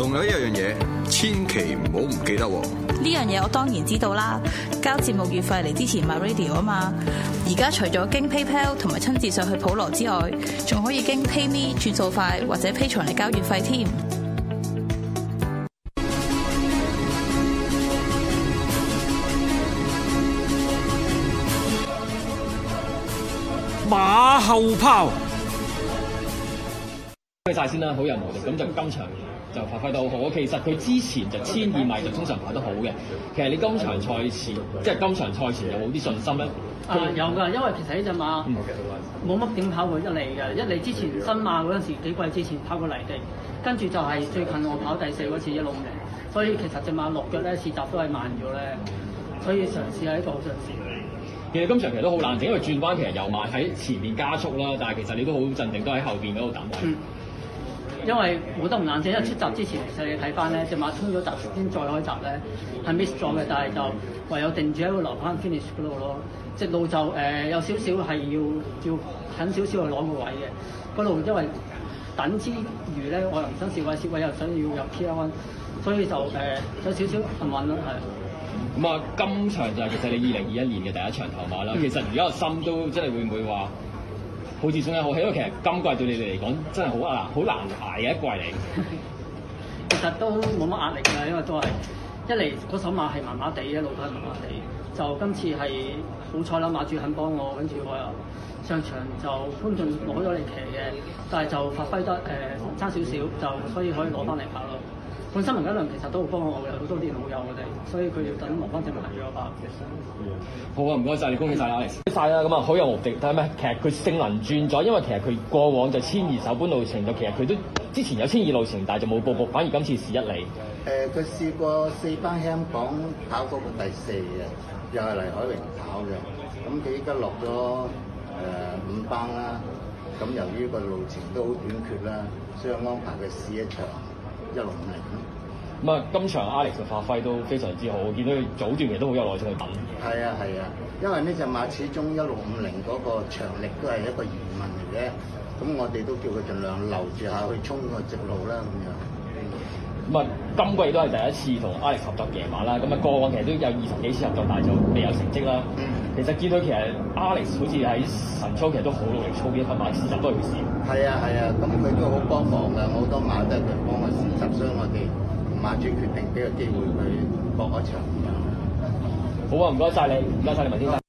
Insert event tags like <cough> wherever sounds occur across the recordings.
仲有一樣嘢，千祈唔好唔記得喎！呢樣嘢我當然知道啦，交節目月費嚟之前買 radio 啊嘛。而家除咗經 PayPal 同埋親自上去普羅之外，仲可以經 PayMe 轉數快或者 Pay 財嚟交月費添。打後炮，開晒先啦，好任務就咁就今場。就發揮得好好。其實佢之前就千二米，就通常跑得好嘅。其實你今場賽事，即係今場賽前有冇啲信心咧？啊，有㗎，因為其實呢隻馬冇乜點跑過一嚟嘅。一嚟之前新馬嗰陣時幾季之前跑過泥地，跟住就係最近我跑第四嗰次一路五零。所以其實隻馬落腳咧，試習都係慢咗咧。所以嘗試係一個好嘗試。其實今場其實都好難整，因為轉彎其實有埋喺前面加速啦，但係其實你都好鎮定，都喺後邊嗰度等位。嗯因為我都唔冷靜，因為出閘之前其實你睇翻咧，隻馬衝咗閘先再開閘咧，係 miss 咗嘅，但係就唯有定住喺個落班 finish 嗰度咯。直路就誒、呃、有少少係要要狠少少去攞個位嘅。嗰度因為等之餘咧，我又唔想涉位，涉位又想要入 P1，所以就誒、呃、有少少幸運咯，係。咁啊、嗯，今場就係其實你二零二一年嘅第一場頭馬啦。嗯、其實而家心都即係會唔會話？好自信啊好氣，因為其實今季對你哋嚟講真係好啊，好難捱嘅一季嚟。 <laughs> 其實都冇乜壓力㗎，因為都係一嚟首馬係麻麻地一路都係麻麻地。就今次係好彩啦，馬主肯幫我，跟住我又上場就潘進攞咗你騎嘅，但係就發揮得誒、呃、差少少，就所以可以攞翻嚟跑。份新聞一輪其實都好幫我嘅，好多啲老友我哋，所以佢要等攞翻證明嚟做一百。其、嗯、好啊，唔該曬，恭喜曬啊！謝曬啦，咁啊，好有目的，但係唔係？其實佢性能轉咗，因為其實佢過往就千二首班路程，就其實佢都之前有千二路程，但係就冇報報，反而今次試一釐。誒、呃，佢試過四班香港跑過第四嘅，又係黎海榮跑嘅，咁佢依家落咗誒五班啦。咁由於個路程都好短缺啦，所以安排佢試一場。一六五零，咁啊，今場 Alex 嘅發揮都非常之好，我見到佢早段亦都好有耐性去等。係啊係啊，因為呢隻馬始終一六五零嗰個長力都係一個疑問嚟嘅，咁我哋都叫佢儘量留住下去衝個直路啦咁樣。咁啊，今季都係第一次同 Alex 合作贏馬啦，咁啊過往其實都有二十幾次合作大組未有成績啦。嗯其實見到其實 Alex 好似喺晨操，其實都好努力操，兼拍攝好多件事。係啊係啊，咁佢、啊、都好幫忙梁好多馬的嘅，幫佢攝像，所以我哋馬主決定俾個機會去搏一場。好啊，唔該晒你，唔該晒你文先生。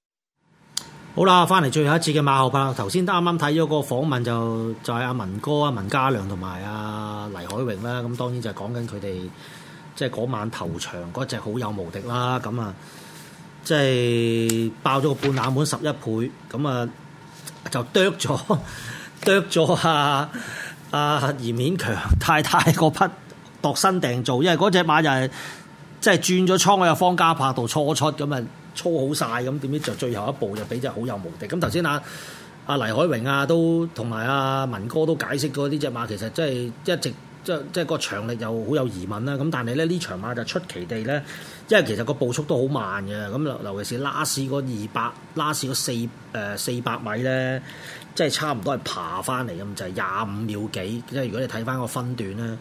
好啦，翻嚟最後一次嘅馬後砲啦。頭先啱啱睇咗個訪問，就就係、是、阿文哥、阿文家良同埋阿黎海榮啦。咁當然就係講緊佢哋即係嗰晚投場嗰隻好有無敵啦。咁啊～即係爆咗個半冷門十一倍，咁啊就剁咗剁咗啊。阿、啊、嚴勉強太太嗰匹度身訂造，因為嗰隻馬就係、是、即係轉咗倉，喺阿方家柏度初出咁啊，操好晒。咁，點知就最後一步就俾隻好有目的。咁頭先啊，阿、啊、黎海榮啊，都同埋阿文哥都解釋過呢隻馬其實真係一直。即即係個長力又好有疑問啦。咁但係咧，呢場馬就出奇地咧，因為其實個步速都好慢嘅。咁尤其是拉 a s 二百、拉 a s 四誒四百米咧，即係差唔多係爬翻嚟咁，就係廿五秒幾。因為如果你睇翻個分段咧。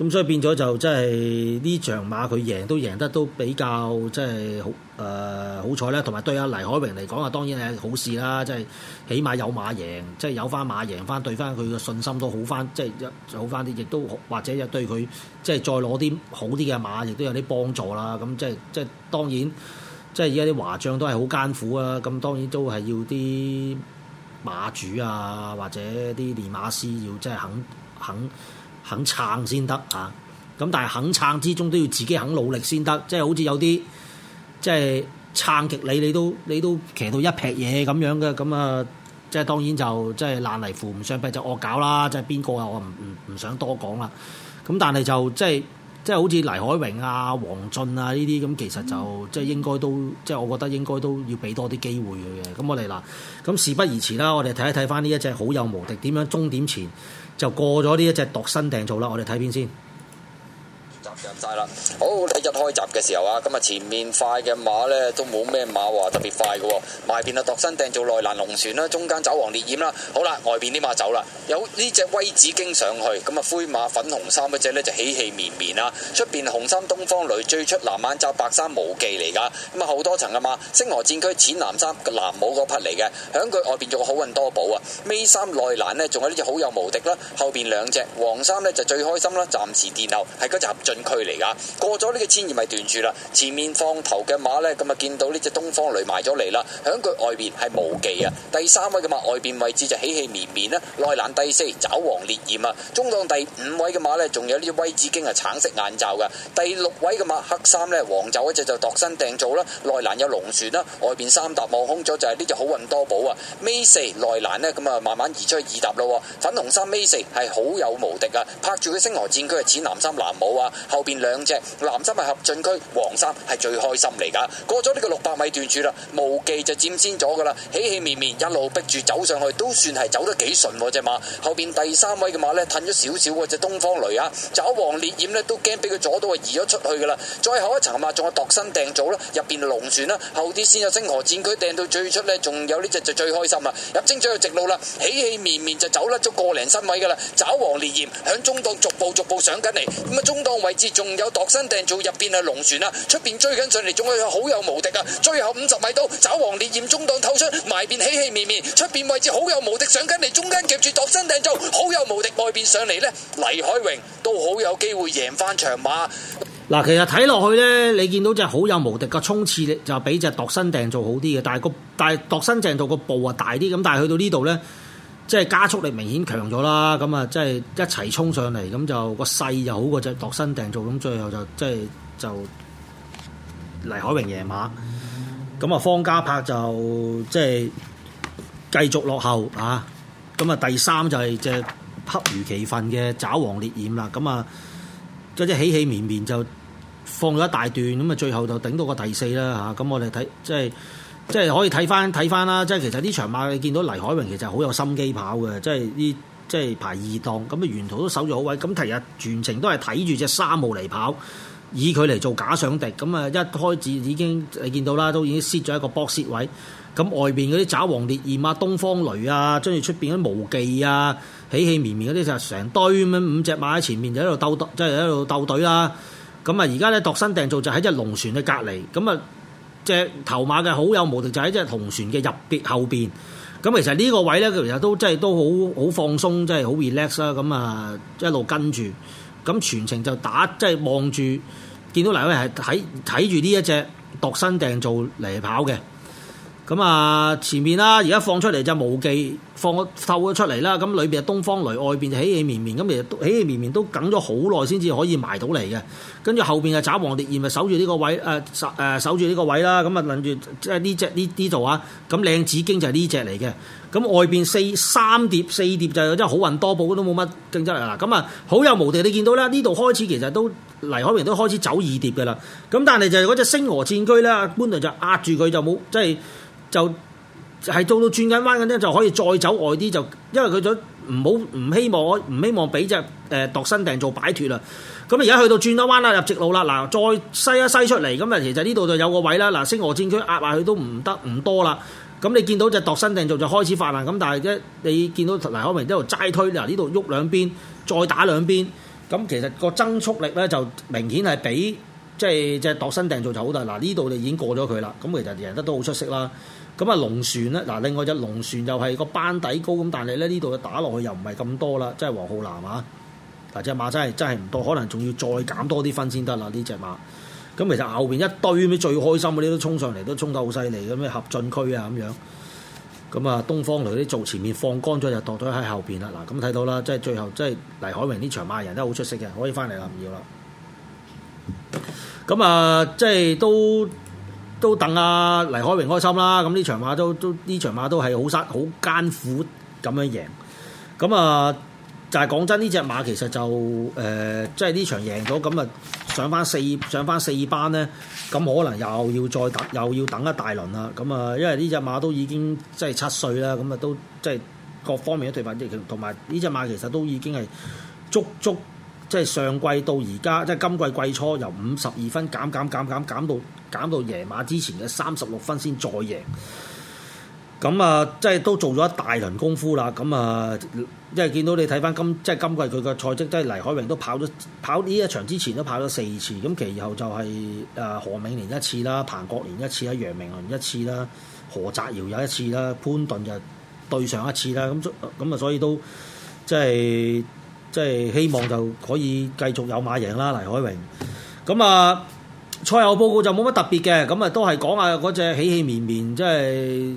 咁所以變咗就即係呢場馬佢贏都贏得都比較即係好誒好彩啦，同埋對阿黎海榮嚟講啊，當然係好事啦，即係起碼有馬贏，即係有翻馬贏翻，對翻佢嘅信心都好翻，即係好翻啲，亦都或者又對佢即係再攞啲好啲嘅馬，亦都有啲幫助啦。咁即係即係當然，即係而家啲華將都係好艱苦啊。咁當然都係要啲馬主啊，或者啲練馬師要即係肯肯。肯肯撐先得嚇，咁但係肯撐之中都要自己肯努力先得，即係好似有啲即係撐極你，你都你都騎到一劈嘢咁樣嘅，咁啊即係當然就即係爛泥扶唔上壁就惡搞啦，即係邊個啊？我唔唔唔想多講啦。咁但係就即係即係好似黎海榮啊、黃俊啊呢啲咁，其實就即係應該都即係我覺得應該都要俾多啲機會佢嘅。咁我哋嗱，咁事不宜遲啦，我哋睇一睇翻呢一隻好有無敵點樣終點前。就過咗呢一隻度身訂做啦，我哋睇片先。晒啦，好，一開閘嘅時候啊，咁啊前面快嘅馬呢都冇咩馬話特別快嘅，外邊啊度身訂做內欄龍船啦，中間走黃烈焰啦，好啦，外邊啲馬走啦，有呢隻威子經上去，咁啊灰馬粉紅衫嗰隻呢就喜氣綿綿啦，出邊紅衫東方女最出南晚罩白衫無忌嚟噶，咁啊好多層噶嘛，星河戰區淺藍衫藍帽嗰匹嚟嘅，響佢外邊仲有好運多寶啊，尾衫內欄呢仲有呢隻好有無敵啦，後邊兩隻黃衫呢就最開心啦，暫時墊後。係集進。去嚟噶，過咗呢個千二咪斷住啦。前面放頭嘅馬呢，咁啊見到呢隻東方雷埋咗嚟啦。響佢外邊係無忌啊。第三位嘅馬外邊位置就喜氣綿綿啦，內欄第四，爪黃烈焰啊。中檔第五位嘅馬呢，仲有呢隻威子經啊，橙色眼罩噶。第六位嘅馬黑衫呢，黃袖嗰隻就度身訂造啦，內欄有龍船啦，外邊三笪望空咗就係呢隻好運多寶啊。尾四內欄呢，咁啊慢慢移出去二笪咯。粉紅衫尾四係好有無敵啊，拍住佢星河戰駒係淺藍衫藍帽啊。後邊兩隻藍衫係合進區，黃衫係最開心嚟噶。過咗呢個六百米段處啦，無忌就佔先咗噶啦，喜氣綿綿一路逼住走上去，都算係走得幾順隻馬。後邊第三位嘅馬呢，褪咗少少喎，隻東方雷啊，爪王烈焰呢，都驚俾佢阻到啊，移咗出去噶啦。再後一層啊，仲係度身訂造啦，入邊龍船啦，後啲先有星河戰區訂到最出呢，仲有呢隻就最開心啦。入清咗個直路啦，喜氣綿綿就走甩咗個零身位噶啦，爪王烈焰響中檔逐步逐步，逐步上緊嚟，咁啊中檔位置。仲有度身訂造入邊係龍船啊，出邊追緊上嚟，仲可以好有無敵啊！最後五十米到，爪黃烈焰中檔透出，埋邊喜喜綿綿，出邊位置好有無敵上緊嚟，中間夾住度身訂造，好有無敵外邊上嚟呢，黎海榮都好有機會贏翻場馬。嗱，其實睇落去呢，你見到隻好有無敵嘅衝刺力，就比隻度身訂造好啲嘅，但係、個但係度身訂造個步啊大啲，咁但係去到呢度呢。即係加速力明顯強咗啦，咁啊，即係一齊衝上嚟，咁就、個勢就好過隻度身訂做，咁最後就即係就，就黎海榮贏馬，咁啊方家柏就，就即係繼續落後啊，咁啊第三就係隻恰如其分嘅爪王烈焰啦，咁啊即係起起綿綿就放咗一大段，咁啊最後就頂到個第四啦嚇，咁、啊、我哋睇即係。即係可以睇翻睇翻啦，即係其實呢場馬，你見到黎海榮其實好有心機跑嘅，即係呢即係排二檔，咁啊沿途都守住好位，咁提日全程都係睇住隻沙毛嚟跑，以佢嚟做假想敵，咁啊一開始已經你見到啦，都已經蝕咗一個博蝕位，咁外邊嗰啲爪黃烈焰啊、東方雷啊，跟住出邊嗰啲無忌啊、喜氣綿綿嗰啲就成堆咁樣五隻馬喺前面就喺度鬥鬥，即係喺度鬥隊啦，咁啊而家咧度身訂造就喺隻龍船嘅隔離，咁啊。隻頭馬嘅好有無敵就喺隻紅船嘅入邊後邊。咁其實呢個位咧，佢其實都真係都好好放鬆，真係好 relax 啦。咁啊一路跟住，咁全程就打即係望住，見到嚟位係睇睇住呢一隻度身訂造嚟跑嘅。咁啊，前面啦，而家放出嚟就無忌放透咗出嚟啦。咁裏邊東方雷，外邊就起起綿綿。咁其實起起綿綿都緊咗好耐先至可以埋到嚟嘅。跟住後邊就渣王烈焰，咪守住呢個位誒誒、啊、守住呢個位啦。咁、呢個呢個呢個、啊，諗住即係呢隻呢呢度啊。咁靚子經就係呢隻嚟嘅。咁外邊四三碟、四碟，就真係好運多寶都冇乜競爭啊。咁啊，好有無敵！你見到咧，呢度開始其實都黎海明都開始走二碟嘅啦。咁但係就係嗰隻星河戰區咧，官隊就壓住佢就冇即係。就是就係到到轉緊彎嘅咧，就可以再走外啲，就因為佢就唔好唔希望，唔希望俾即係誒度身訂做擺脫啦。咁而家去到轉咗彎啦，入直路啦，嗱，再西一西出嚟，咁啊，其實呢度就有個位啦。嗱，星河戰區壓埋去都唔得唔多啦。咁你見到即係度身訂做就開始發難咁，但係一你見到黎可明一係度齋推，嗱呢度喐兩邊，再打兩邊，咁其實個增速力咧就明顯係比。即係即係度身訂造就好大嗱，呢度你已經過咗佢啦，咁其實贏得都好出色啦。咁啊龍船咧，嗱另外隻龍船又係個班底高，咁但係咧呢度嘅打落去又唔係咁多啦，即係黃浩南啊，嗱、啊、隻馬真係真係唔多，可能仲要再減多啲分先得啦呢隻馬。咁、啊、其實後邊一堆咩最開心嗰啲都衝上嚟，都衝得好犀利嘅咩合進區啊咁樣。咁啊東方雷啲做前面放乾咗就度咗喺後邊啦嗱，咁、啊、睇到啦，即係最後即係黎海榮呢場馬人都好出色嘅，可以翻嚟啦唔要啦。咁啊、嗯，即係都都等阿、啊、黎海榮開心啦。咁呢場馬都都呢場馬都係好辛好艱苦咁樣贏。咁、嗯、啊，就係講真，呢隻馬其實就誒、呃，即係呢場贏咗，咁、嗯、啊上返四上返四班咧，咁、嗯、可能又要再等又要等一大輪啦。咁、嗯、啊，因為呢隻馬都已經即係七歲啦，咁啊都即係各方面都退化，同埋呢隻馬其實都已經係足足。即係上季到而家，即係今季季初由五十二分減減減減減到減到贏馬之前嘅三十六分先再贏。咁啊，即係都做咗一大輪功夫啦。咁啊，即係見到你睇返今即係今季佢嘅賽績，即係黎海榮都跑咗跑呢一場之前都跑咗四次。咁其後就係誒賀銘年一次啦，彭國年一次啦，楊明倫一次啦，何澤堯有一次啦，潘頓就對上一次啦。咁咁啊，所以都即係。即係希望就可以繼續有馬贏啦，黎海榮。咁啊，賽後報告就冇乜特別嘅，咁啊都係講下嗰隻喜氣綿綿，即係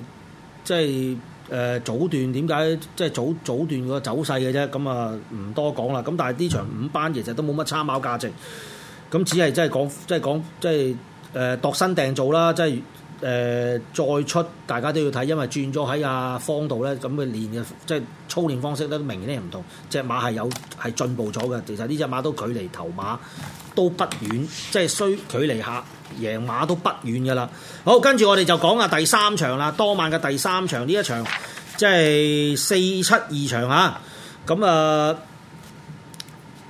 即係誒、呃、早段點解即係早早段個走勢嘅啫，咁啊唔多講啦。咁但係呢場五班其實都冇乜參考價值，咁只係即係講即係講即係誒度身訂造啦，即係誒、呃、再出大家都要睇，因為轉咗喺阿方度咧，咁嘅練嘅即係。操練方式咧，都明年明顯咧唔同。隻馬係有係進步咗嘅，其實呢隻馬都距離頭馬都不遠，即係雖距離下贏馬都不遠嘅啦。好，跟住我哋就講下第三場啦，當晚嘅第三場呢一場，即係四七二場嚇。咁啊，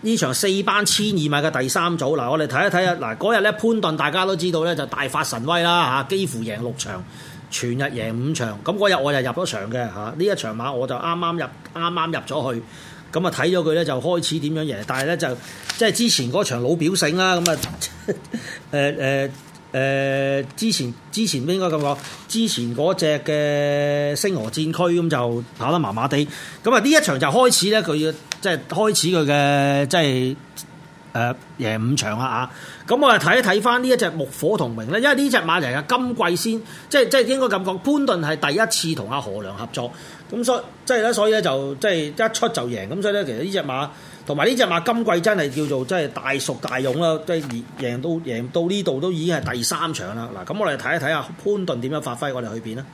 呢場四班千二米嘅第三組，嗱，我哋睇一睇啊嗱，嗰日咧潘頓大家都知道咧，就大發神威啦嚇，幾乎贏六場。全日贏五場。咁嗰日我就剛剛入咗場嘅嚇，呢一場馬我就啱啱入，啱啱入咗去，咁啊，睇咗佢咧，就開始點樣贏，但係咧就即係之前嗰場老表勝啦，咁啊誒誒誒，之前，之前應該咁講，之前嗰隻嘅星河戰區，咁就跑得麻麻地，咁啊呢一場就開始咧佢，即係開始佢嘅即係。誒、呃、贏五場啦啊！咁我哋睇一睇翻呢一隻木火同榮咧，因為呢隻馬贏嘅今季先，即係即係應該咁講，潘頓係第一次同阿何良合作，咁所以即係咧，所以咧就即係一出就贏，咁所以咧其實呢隻馬同埋呢隻馬今季真係叫做即係大熟大勇啦，即係贏到贏到呢度都已經係第三場啦。嗱、啊，咁我哋睇一睇下潘頓點樣發揮，我哋去邊啦？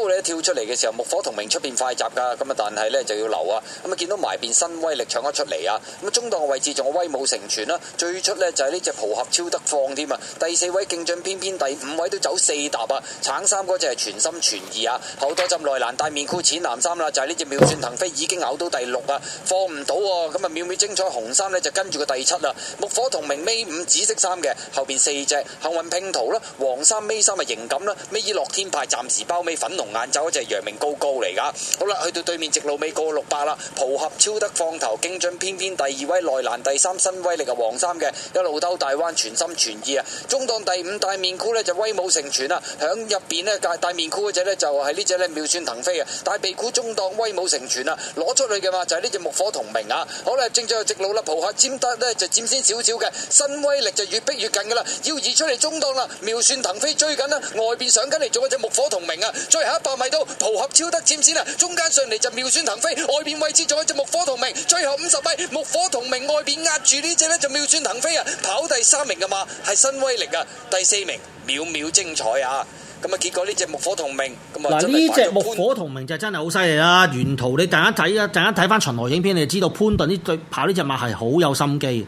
當你跳出嚟嘅時候，木火同明出邊快閘噶，咁啊但係呢，就要留啊，咁、嗯、啊見到埋邊新威力搶咗出嚟啊，咁、嗯、啊中檔嘅位置仲有威武成全啦、啊，最出呢，就係呢隻蒲俠超得放添啊，第四位競進偏偏第五位都走四踏啊，橙衫嗰隻係全心全意啊，好多針內難，大面箍淺藍衫啦、啊，就係呢隻妙算騰飛已經咬到第六啊，放唔到喎，咁、嗯、啊妙妙精彩紅衫呢，就跟住個第七啦、啊，木火同明尾五紫色衫嘅後邊四隻幸運拼圖啦、啊，黃衫尾三啊，型感啦，尾二樂天派暫時包尾粉紅。眼走嗰隻係楊明高高嚟噶。好啦，去到對面直路尾過六百啦，蒲客超得放頭，勁進偏偏第二位內欄第三新威力嘅黃衫嘅一路兜大彎全心全意啊，中檔第五戴面箍呢就威武成全啦，響入邊呢，戴面箍嗰隻呢就係、是、呢隻呢妙算騰飛啊，戴鼻箍中檔威武成全啦，攞出去嘅話就係呢隻木火同名啊，好啦，正正直路啦蒲客尖得呢就尖先少少嘅，新威力就越逼越近噶啦，要移出嚟中檔啦，妙算騰飛追緊啦，外邊上緊嚟做嗰隻木火同名啊，最後一白米到桃合超得尖尖啦，中間上嚟就妙轉騰飛，外邊位置仲有隻木火同明。最後五十米木火同明外邊壓住呢隻呢就妙轉騰飛啊，跑第三名嘅馬，係新威力啊，第四名秒秒精彩啊，咁啊結果呢隻木火同明咁啊呢隻木火同明就真係好犀利啦，沿途你陣間睇啊，陣間睇翻巡邏影片，你就知道潘頓呢對跑呢隻馬係好有心機，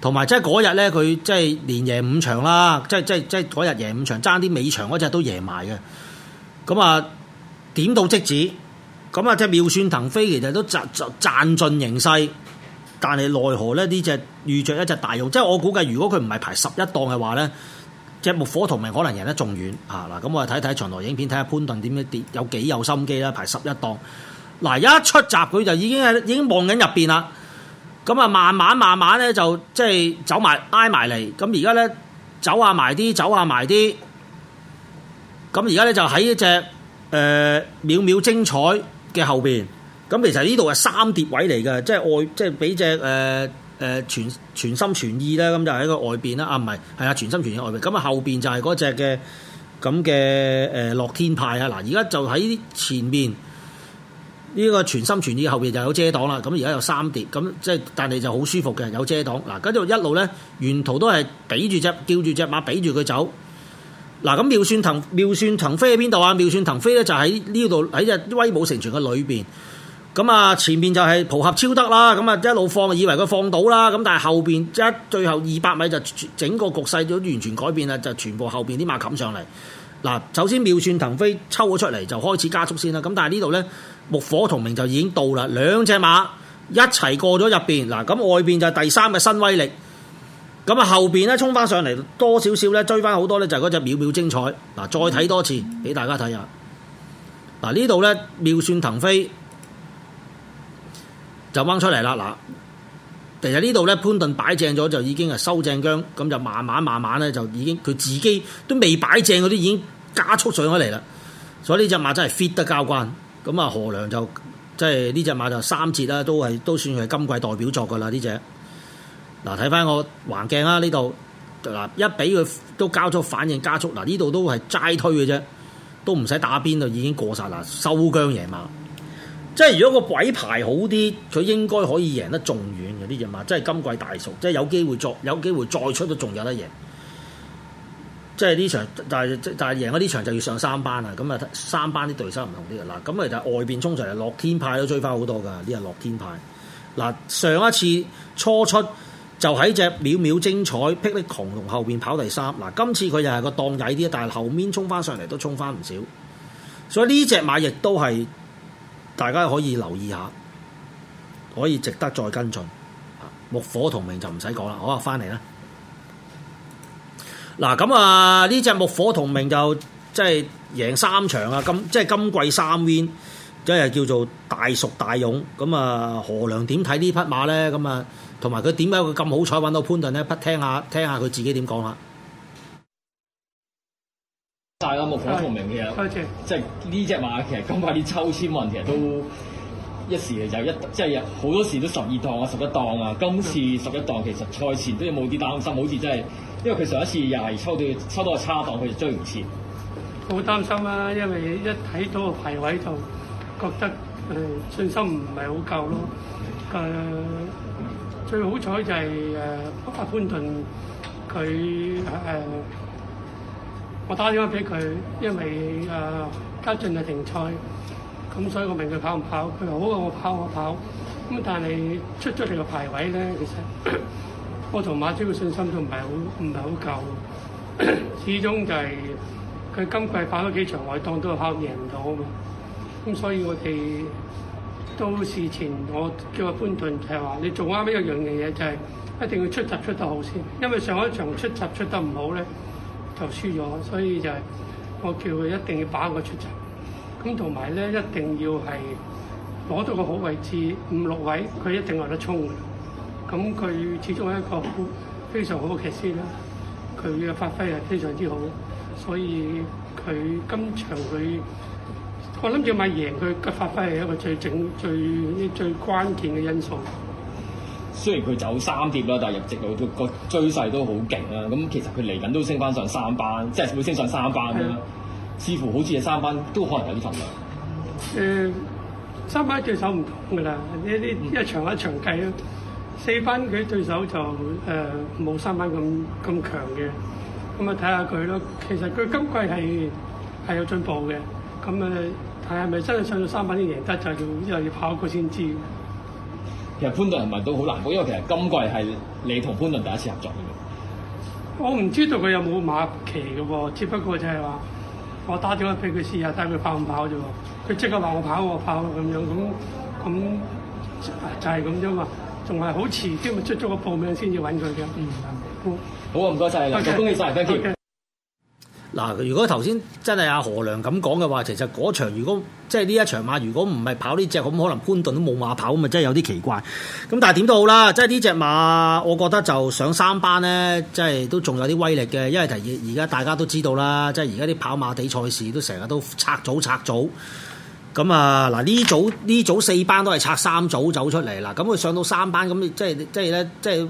同埋即係嗰日呢，佢即係連贏五場啦，即係即係即係嗰日贏五場，爭啲尾場嗰隻都贏埋嘅。咁啊，點到即止。咁啊，即妙算騰飛其實都賺賺賺盡形勢。但係奈何咧，呢隻遇着一隻大用。即係我估計，如果佢唔係排十一檔嘅話咧，隻木火同命可能贏得仲遠吓嗱。咁我睇睇巡邏影片，睇下潘頓點樣跌，有幾有心機啦。排十一檔嗱，一出閘佢就已經係已經望緊入邊啦。咁啊，慢慢慢慢咧，就即係走埋挨埋嚟。咁而家咧走下埋啲，走下埋啲。咁而家咧就喺一隻誒秒秒精彩嘅後邊，咁其實呢度係三疊位嚟嘅，即係外，即係俾隻誒誒全全心全意咧，咁就喺個外邊啦。啊，唔係，係啊，全心全意外邊。咁啊，後邊就係嗰隻嘅咁嘅誒樂天派啊。嗱，而家就喺前面呢個全心全意後邊就有遮擋啦。咁而家有三疊，咁即係但係就好舒服嘅，有遮擋嗱。跟住一路咧，沿途都係畀住隻叫住隻馬畀住佢走。嗱，咁妙算騰妙算騰飛喺邊度啊？妙算騰飛咧就喺呢度，喺隻威武成全嘅裏邊。咁啊，前面就係蒲合超德啦。咁啊一路放，以為佢放到啦。咁但係後邊一最後二百米就整個局勢就完全改變啦，就全部後邊啲馬冚上嚟。嗱，首先妙算騰飛抽咗出嚟就開始加速先啦。咁但係呢度咧，木火同名就已經到啦，兩隻馬一齊過咗入邊。嗱，咁外邊就第三嘅新威力。咁啊，後邊咧衝翻上嚟，多少少咧追翻好多咧，就係嗰隻秒秒精彩。嗱，再睇多次俾大家睇下。嗱，呢度咧妙算騰飛就掹出嚟啦。嗱，其實呢度咧潘頓擺正咗就已經啊收正疆，咁就慢慢慢慢咧就已經佢自己都未擺正嗰啲已經加速上咗嚟啦。所以呢隻馬真係 fit 得交關，咁啊何良就即係呢隻馬就三捷啦，都係都算係今季代表作噶啦呢隻。嗱，睇翻個橫鏡啦，呢度嗱一俾佢都交咗反應加速，嗱呢度都係齋推嘅啫，都唔使打邊度已經過晒啦，收姜贏馬。即係如果個鬼牌好啲，佢應該可以贏得仲遠嘅啲人馬，即係今季大數，即係有機會再有機會再出都仲有得贏。即係呢場，但係但係贏咗呢場就要上三班啦，咁啊三班啲對手唔同啲嘅，嗱咁其實外邊沖上嚟，樂天派都追翻好多噶，呢人樂天派。嗱上一次初出。就喺隻渺渺精彩霹靂狂龍後邊跑第三，嗱，今次佢又係個檔仔啲，但係後面沖翻上嚟都沖翻唔少，所以呢隻馬亦都係大家可以留意下，可以值得再跟進。木火同名就唔使講啦，好啊，翻嚟啦。嗱，咁啊，呢隻木火同名就即係贏三場啊，咁即係今季三 win，即係叫做大熟大勇。咁啊，何良點睇呢匹馬咧？咁啊？同埋佢點解會咁好彩揾到潘頓咧？不聽下聽下佢自己點講啦。大嘅目光不明嘅嘢。即係呢隻馬其實今屆啲抽籤問題都一時就一，即係好多時都十二檔啊，十一檔啊。今次十一檔其實賽前都有冇啲擔心，好似真係因為佢上一次又係抽到抽到個差檔，佢就追唔切。好擔心啦、啊，因為一睇到個排位就覺得誒、呃、信心唔係好夠咯，誒、呃。最好彩就係誒潘頓佢誒、呃，我打電話俾佢，因為誒家、呃、進係停賽，咁所以我問佢跑唔跑，佢話好啊，我跑我跑。咁但係出咗嚟個排位咧，其實我同馬超嘅信心都唔係好唔係好夠，始終就係佢今季跑咗幾場外，我當都係跑贏唔到啊嘛。咁所以我哋。到事前我叫阿潘頓係話：就係、你做啱邊一樣嘅嘢就係、是、一定要出閘出得好先，因為上一場出閘出得唔好咧就輸咗，所以就係我叫佢一定要把握個出閘。咁同埋咧一定要係攞到個好位置五六位，佢一定有得衝。咁佢始終係一個非常好嘅騎師啦，佢嘅發揮係非常之好，所以佢今場佢。我諗住買贏佢嘅發揮係一個最整最呢最關鍵嘅因素。雖然佢走三碟啦，但係入職佢都個趨勢都好勁啦。咁其實佢嚟緊都升翻上三班，即係會升上三班啦。的似乎好似係三班都可能有啲份量。誒、呃，三班對手唔同㗎啦，呢啲一,一場一場計咯。嗯、四班佢對手就誒冇、呃、三班咁咁強嘅，咁啊睇下佢咯。其實佢今季係係有進步嘅，咁誒。睇係咪真係上到三百點贏得就係，因為要跑過先知。其實潘頓問到好難，因為其實今季係你同潘頓第一次合作嘅。我唔知道佢有冇馬騎嘅喎，只不過就係話我打電話俾佢試下睇佢跑唔跑啫喎。佢即刻話我跑我跑咁樣，咁咁就係咁啫嘛。仲係好遲啲咪出咗個報名先至揾佢嘅。嗯，好，唔該晒，唔該曬，thank you。Okay. 嗱，如果頭先真係阿何良咁講嘅話，其實嗰場如果即係呢一場馬，如果唔係跑呢隻，咁可能潘頓都冇馬跑，咁啊真係有啲奇怪。咁但係點都好啦，即係呢隻馬，我覺得就上三班咧，即係都仲有啲威力嘅，因為提而家大家都知道啦，即係而家啲跑馬地賽事都成日都拆組拆組。咁啊，嗱呢組呢組四班都係拆三組走出嚟啦，咁佢上到三班，咁即係即係咧，即係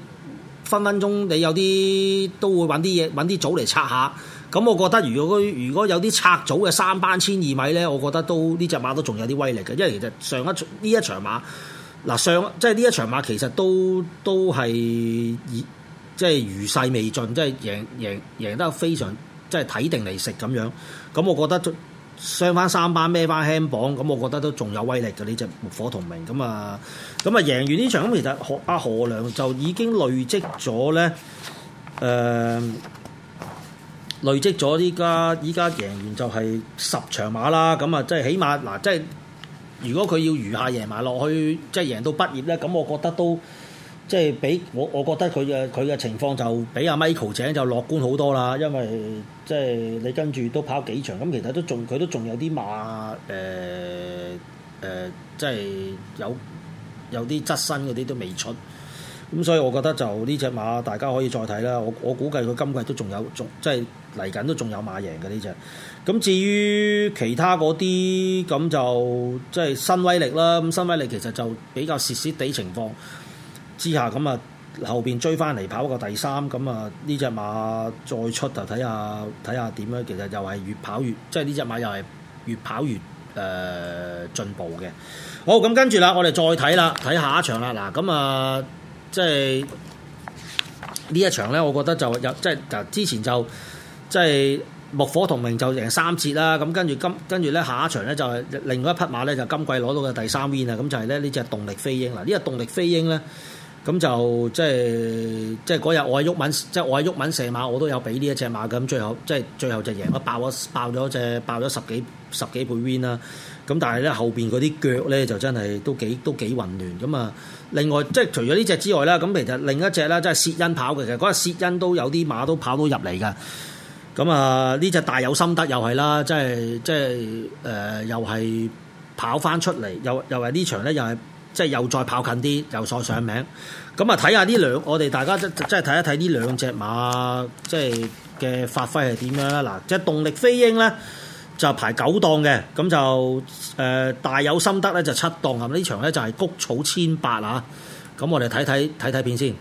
分分鐘你有啲都會揾啲嘢揾啲組嚟拆下。咁我覺得，如果如果有啲拆組嘅三班千二米咧，我覺得都呢隻馬都仲有啲威力嘅，因為其實上一呢一場馬嗱，上即係呢一場馬其實都都係即係餘勢未盡，即係贏贏贏得非常即係睇定嚟食咁樣。咁我覺得上翻三班孭翻輕磅，咁我覺得都仲有威力嘅呢隻木火同名。咁啊咁啊，贏完呢場咁，其實何阿何良就已經累積咗咧誒。呃累積咗依家，依家贏完就係十場馬啦，咁啊，即係起碼嗱，即係如果佢要餘下贏埋落去，即係贏到畢業咧，咁我覺得都即係比我，我覺得佢嘅佢嘅情況就比阿 Michael 井就樂觀好多啦，因為即係你跟住都跑幾場，咁其實都仲佢都仲有啲馬誒誒，即係有有啲質身嗰啲都未出。咁所以，我覺得就呢隻馬，大家可以再睇啦。我我估計佢今季都仲有，仲即係嚟緊都仲有馬贏嘅呢隻。咁至於其他嗰啲，咁就即係新威力啦。咁新威力其實就比較蝕蝕地情況之下，咁啊後邊追翻嚟跑一個第三，咁啊呢隻馬再出就睇下睇下點樣。其實又係越跑越，即係呢隻馬又係越跑越誒、呃、進步嘅。好，咁跟住啦，我哋再睇啦，睇下一場啦。嗱，咁啊～即係呢一場咧，我覺得就又即係嗱，之前就即係木火同名就贏三節啦。咁跟住今跟住咧下一場咧就係、是、另外一匹馬咧就今季攞到嘅第三 win 啊。咁就係咧呢隻動力飛鷹嗱，呢隻、這個、動力飛鷹咧。咁就即係即係嗰日我喺毓民即係我喺毓民射馬，我都有俾呢一隻馬咁，最後即係、就是、最後隻贏，我爆咗爆咗隻爆咗十幾十幾倍 win 啦。咁但係咧後邊嗰啲腳咧就真係都幾都幾混亂咁啊。另外即係、就是、除咗呢隻之外啦，咁其實另一隻咧即係薛恩跑，其實嗰日薛恩都有啲馬都跑到入嚟噶。咁啊呢隻大有心得又係啦，即係即係誒又係跑翻出嚟，又又係呢場咧又係。即係又再跑近啲，又再上名。咁啊，睇下呢兩，我哋大家即即係睇一睇呢兩隻馬，即係嘅發揮係點樣啦？嗱，即係動力飛鷹咧，就排九檔嘅，咁就誒、呃、大有心得咧，就七檔。咁呢場咧就係、是、谷草千八啊，咁我哋睇睇睇睇片先。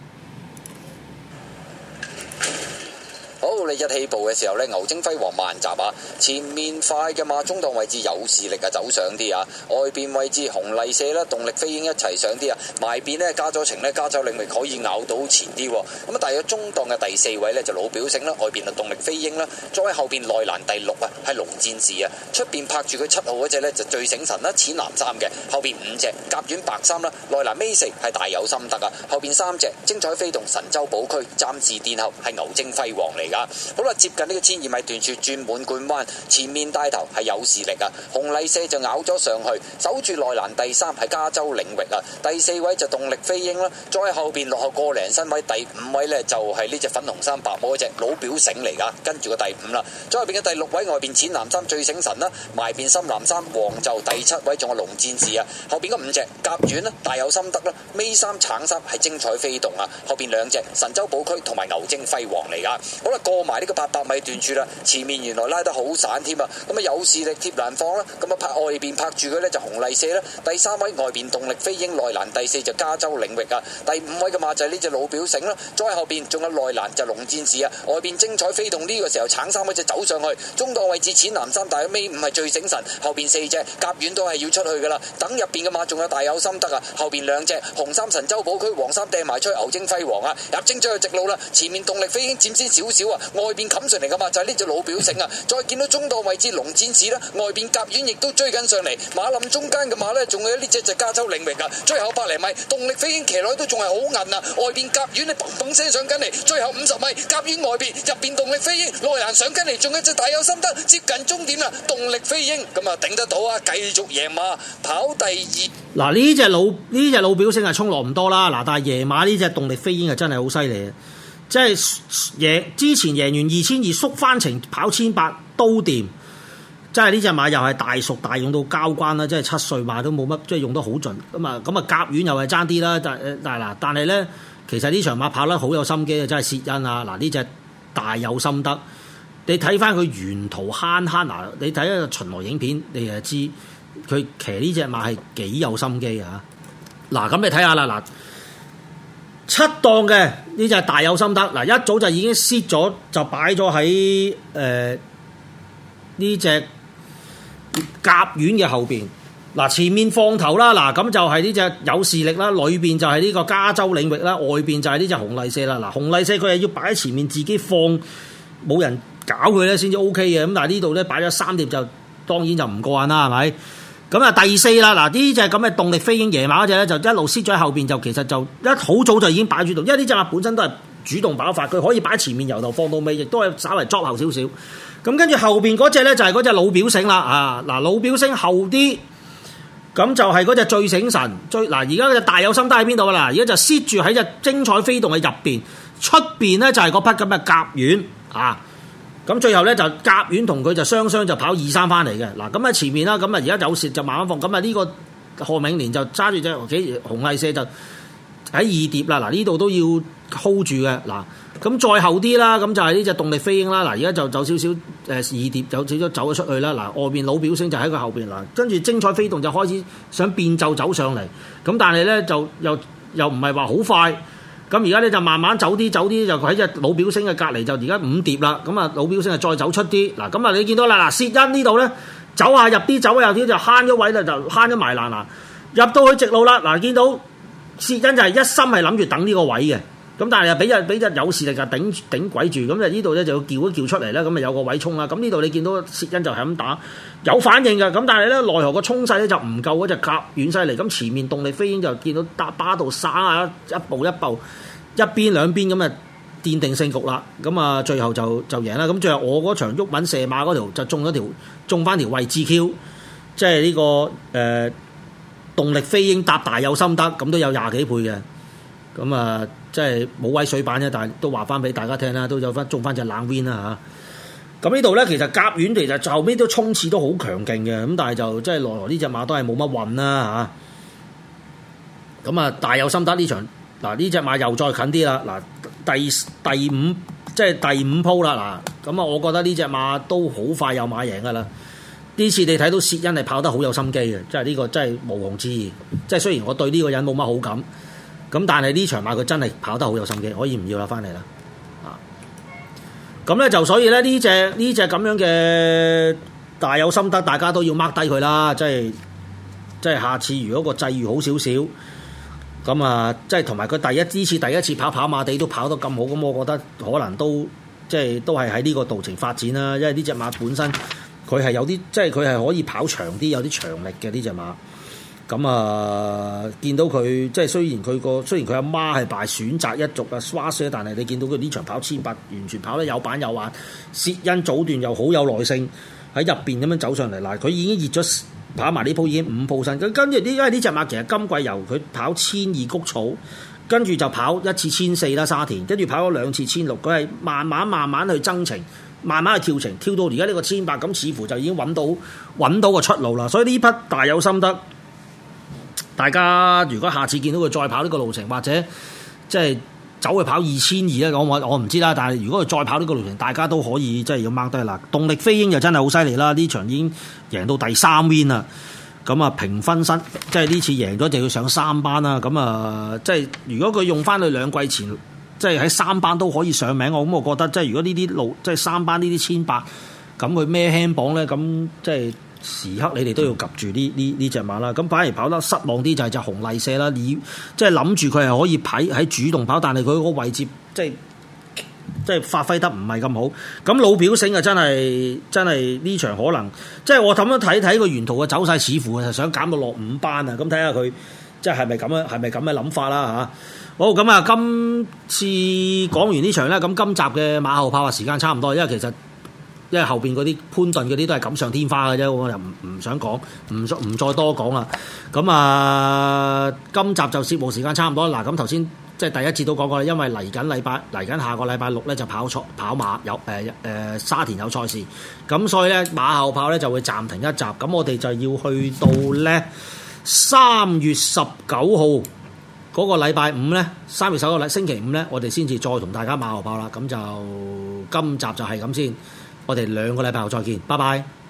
到你一起步嘅時候咧，牛精輝煌、慢閘啊，前面快嘅馬。中檔位置有勢力啊，走上啲啊，外邊位置紅麗射啦，動力飛鷹一齊上啲啊，外邊咧加咗程，咧，加州你咪可以咬到前啲，咁啊，但、嗯、係中檔嘅第四位呢，就老表星啦，外邊就動力飛鷹啦，再後邊內欄第六啊係龍戰士啊，出邊拍住佢七號嗰隻呢，就最醒神啦，淺藍衫嘅後邊五隻甲軟白衫啦，內欄尾食係大有心得啊，後邊三隻精彩飛同神州寶區暫時墊後係牛精輝煌嚟噶。好啦，接近呢個千二米段處轉滿冠彎，前面帶頭係有視力啊，紅禮社就咬咗上去，守住內欄第三係加州領域啦，第四位就動力飛鷹啦，再後邊落後個零身位，第五位呢就係呢隻粉紅衫白魔隻老表醒嚟噶，跟住個第五啦，再後邊嘅第六位外邊淺藍衫最醒神啦，埋邊深藍衫黃袖第七位，仲有龍戰士啊，後邊嗰五隻甲轉啦，大有心得啦，尾三橙衫係精彩飛動啊，後邊兩隻神州寶駒同埋牛精輝煌嚟噶，好啦個。過埋呢個八百米段處啦，前面原來拉得好散添啊，咁啊有勢力貼難放啦，咁啊拍外邊拍住佢呢，就紅麗舍啦，第三位外邊動力飛鷹內欄第四就加州領域啊，第五位嘅馬就係呢隻老表醒啦，再後邊仲有內欄就龍戰士啊，外邊精彩飛動呢個時候，橙三嗰隻走上去，中檔位置淺藍三大尾五係最醒神，後邊四隻甲遠都係要出去噶啦，等入邊嘅馬仲有大有心得啊，後邊兩隻紅三神州寶區、黃三掟埋出去牛精輝煌啊，入精追去直路啦，前面動力飛鷹佔先少少啊。外邊冚上嚟嘅馬就係呢隻老表星啊！再見到中道位置龍戰士啦，啊，外邊甲院亦都追緊上嚟，馬林中間嘅馬呢，仲有呢隻就加州領域啊！最後百零米，動力飛鷹騎內都仲係好硬啊！外邊甲院你砰砰聲上緊嚟，最後五十米，甲院外邊入邊動力飛鷹內欄上緊嚟，仲有一隻大有心得接近終點啦，啊！動力飛鷹咁啊頂得到啊，繼續贏馬，啊、跑第二。嗱呢隻老呢隻老表星係衝落唔多啦，嗱但係野馬呢隻動力飛鷹係真係好犀利即係贏之前贏完二千二縮翻程跑千八都掂，即係呢隻馬又係大熟大勇到交關啦，即係七歲馬都冇乜，即係用得好盡咁啊！咁啊，甲遠又係爭啲啦，但但嗱，但係咧，其實呢場馬跑得好有心機啊！真係薛恩啊，嗱呢隻大有心得，你睇翻佢沿途慳慳嗱，你睇下巡邏影片，你就知佢騎呢隻馬係幾有心機啊！嗱、啊，咁你睇下啦嗱。啊啊七檔嘅呢隻大有心得，嗱，一早就已經 set 咗，就擺咗喺誒呢隻甲丸嘅後邊，嗱，前面放頭啦，嗱，咁就係呢隻有視力啦，裏邊就係呢個加州領域啦，外邊就係呢隻紅麗舍啦，嗱，紅麗舍佢係要擺喺前面自己放，冇人搞佢咧先至 OK 嘅，咁但係呢度咧，擺咗三碟就當然就唔過眼啦，係咪？咁啊，第四啦，嗱，呢隻咁嘅動力飛鷹野馬嗰隻咧，就一路蝕咗喺後邊，就其實就一好早就已經擺住度，因為呢隻馬本身都係主動擺法，佢可以擺前面由頭放到尾，亦都係稍微作後少少。咁跟住後邊嗰隻咧，就係嗰隻老表星啦，啊，嗱，老表星後啲，咁就係嗰隻最醒神，最嗱，而家嗰隻大有心都喺邊度啊？嗱，而家就蝕住喺隻精彩飛動嘅入邊，出邊咧就係嗰匹咁嘅甲丸。啊。咁最後咧就甲丸同佢就雙雙就跑二三翻嚟嘅嗱，咁喺前面啦，咁啊而家有蝕就慢慢放，咁啊呢個賀銘年就揸住隻幾紅毅社就喺二疊啦，嗱呢度都要 hold 住嘅嗱，咁再後啲啦，咁就係呢隻動力飛鷹啦，嗱而家就走少少誒二疊，走少少走咗出去啦，嗱外面老表星就喺佢後邊，嗱，跟住精彩飛動就開始想變奏走上嚟，咁但係咧就又又唔係話好快。咁而家咧就慢慢走啲走啲，就喺隻老表星嘅隔離就而家五碟啦。咁啊老表星就再走出啲嗱，咁啊你見到啦嗱，薛恩呢度咧走下入啲，走下入啲就慳咗位啦，就慳咗埋欄啦。入到去直路啦，嗱見到薛恩就係一心係諗住等呢個位嘅。咁但係又俾隻俾隻有勢力就頂頂鬼住，咁就呢度咧就要叫一叫出嚟啦，咁咪有個位衝啦。咁呢度你見到薛因就係咁打，有反應嘅。咁但係咧奈何個衝勢咧就唔夠嗰隻甲遠勢嚟。咁前面動力飛鷹就見到搭巴到沙啊，一步一步一邊兩邊咁啊奠定勝局啦。咁啊最後就就贏啦。咁最後我嗰場鬱敏射馬嗰條就中咗條中翻條位置 Q，即係呢、呢個誒、呃、動力飛鷹搭大有心得，咁都有廿幾倍嘅。咁啊，即係冇威水板啫，但係都話翻俾大家聽啦，都有翻中翻隻冷 win 啦吓。咁、啊、呢度咧，其實甲苑其實後尾都衝刺都好強勁嘅，咁但係就即係奈何呢隻馬都係冇乜運啦吓。咁啊，大有心得呢場，嗱呢隻馬又再近啲啦，嗱、啊、第第五即係第五鋪啦，嗱、啊，咁啊，我覺得呢隻馬都好快又有馬贏噶啦。呢次你睇到薛恩係跑得好有心機嘅，即係呢、這個真係無庸置疑。即係雖然我對呢個人冇乜好感。咁但係呢場馬佢真係跑得好有心機，可以唔要啦，翻嚟啦，啊！咁呢就所以呢呢隻呢隻咁樣嘅大有心得，大家都要 mark 低佢啦，即係即係下次如果個際遇好少少，咁啊即係同埋佢第一次第一次跑跑馬地都跑得咁好，咁我覺得可能都即係都係喺呢個道程發展啦，因為呢隻馬本身佢係有啲即係佢係可以跑長啲，有啲長力嘅呢隻馬。咁啊，見到佢即係雖然佢個雖然佢阿媽係拜選擇一族啊，唰聲，但係你見到佢呢場跑千八，完全跑得有板有眼，蝕因早段又好有耐性喺入邊咁樣走上嚟。嗱，佢已經熱咗跑埋呢鋪，已經五鋪身。跟跟住呢，因為呢隻馬其實今季由佢跑千二谷草，跟住就跑一次千四啦，沙田跟住跑咗兩次千六，佢係慢慢慢慢去增程，慢慢去跳程，跳到而家呢個千八，咁似乎就已經揾到揾到個出路啦。所以呢匹大有心得。大家如果下次見到佢再跑呢個路程，或者即係走去跑二千二咧，我我我唔知啦。但係如果佢再跑呢個路程，大家都可以即係要掹低啦。動力飛鷹又真係好犀利啦！呢場已經贏到第三 win 啦。咁啊平分身，即係呢次贏咗就要上三班啦。咁啊，即係如果佢用翻去兩季前，即係喺三班都可以上名，我咁我覺得，即係如果呢啲路，即係三班呢啲千八，咁佢咩輕磅咧？咁即係。時刻你哋都要及住呢呢呢隻馬啦，咁反而跑得失望啲就係隻紅麗射啦，你即係諗住佢係可以排喺主動跑，但係佢嗰個位置即係即係發揮得唔係咁好，咁老表醒啊，真係真係呢場可能即係我咁樣睇睇個沿途嘅走勢，似乎係想減到落五班啊，咁睇下佢即係係咪咁啊，係咪咁嘅諗法啦吓？好，咁啊，今次講完呢場咧，咁今集嘅馬後炮啊，時間差唔多，因為其實。因為後邊嗰啲潘頓嗰啲都係錦上添花嘅啫，我就唔唔想講，唔再唔再多講啦。咁啊，今集就節目時間差唔多啦。咁頭先即係第一節都講過，因為嚟緊禮拜嚟緊下個禮拜六咧就跑賽跑馬有誒誒沙田有賽事，咁所以咧馬後炮咧就會暫停一集。咁我哋就要去到咧三月十九號嗰個禮拜五咧，三月十九禮星期五咧，我哋先至再同大家馬後炮啦。咁就今集就係咁先。我哋兩個禮拜後再見，拜拜。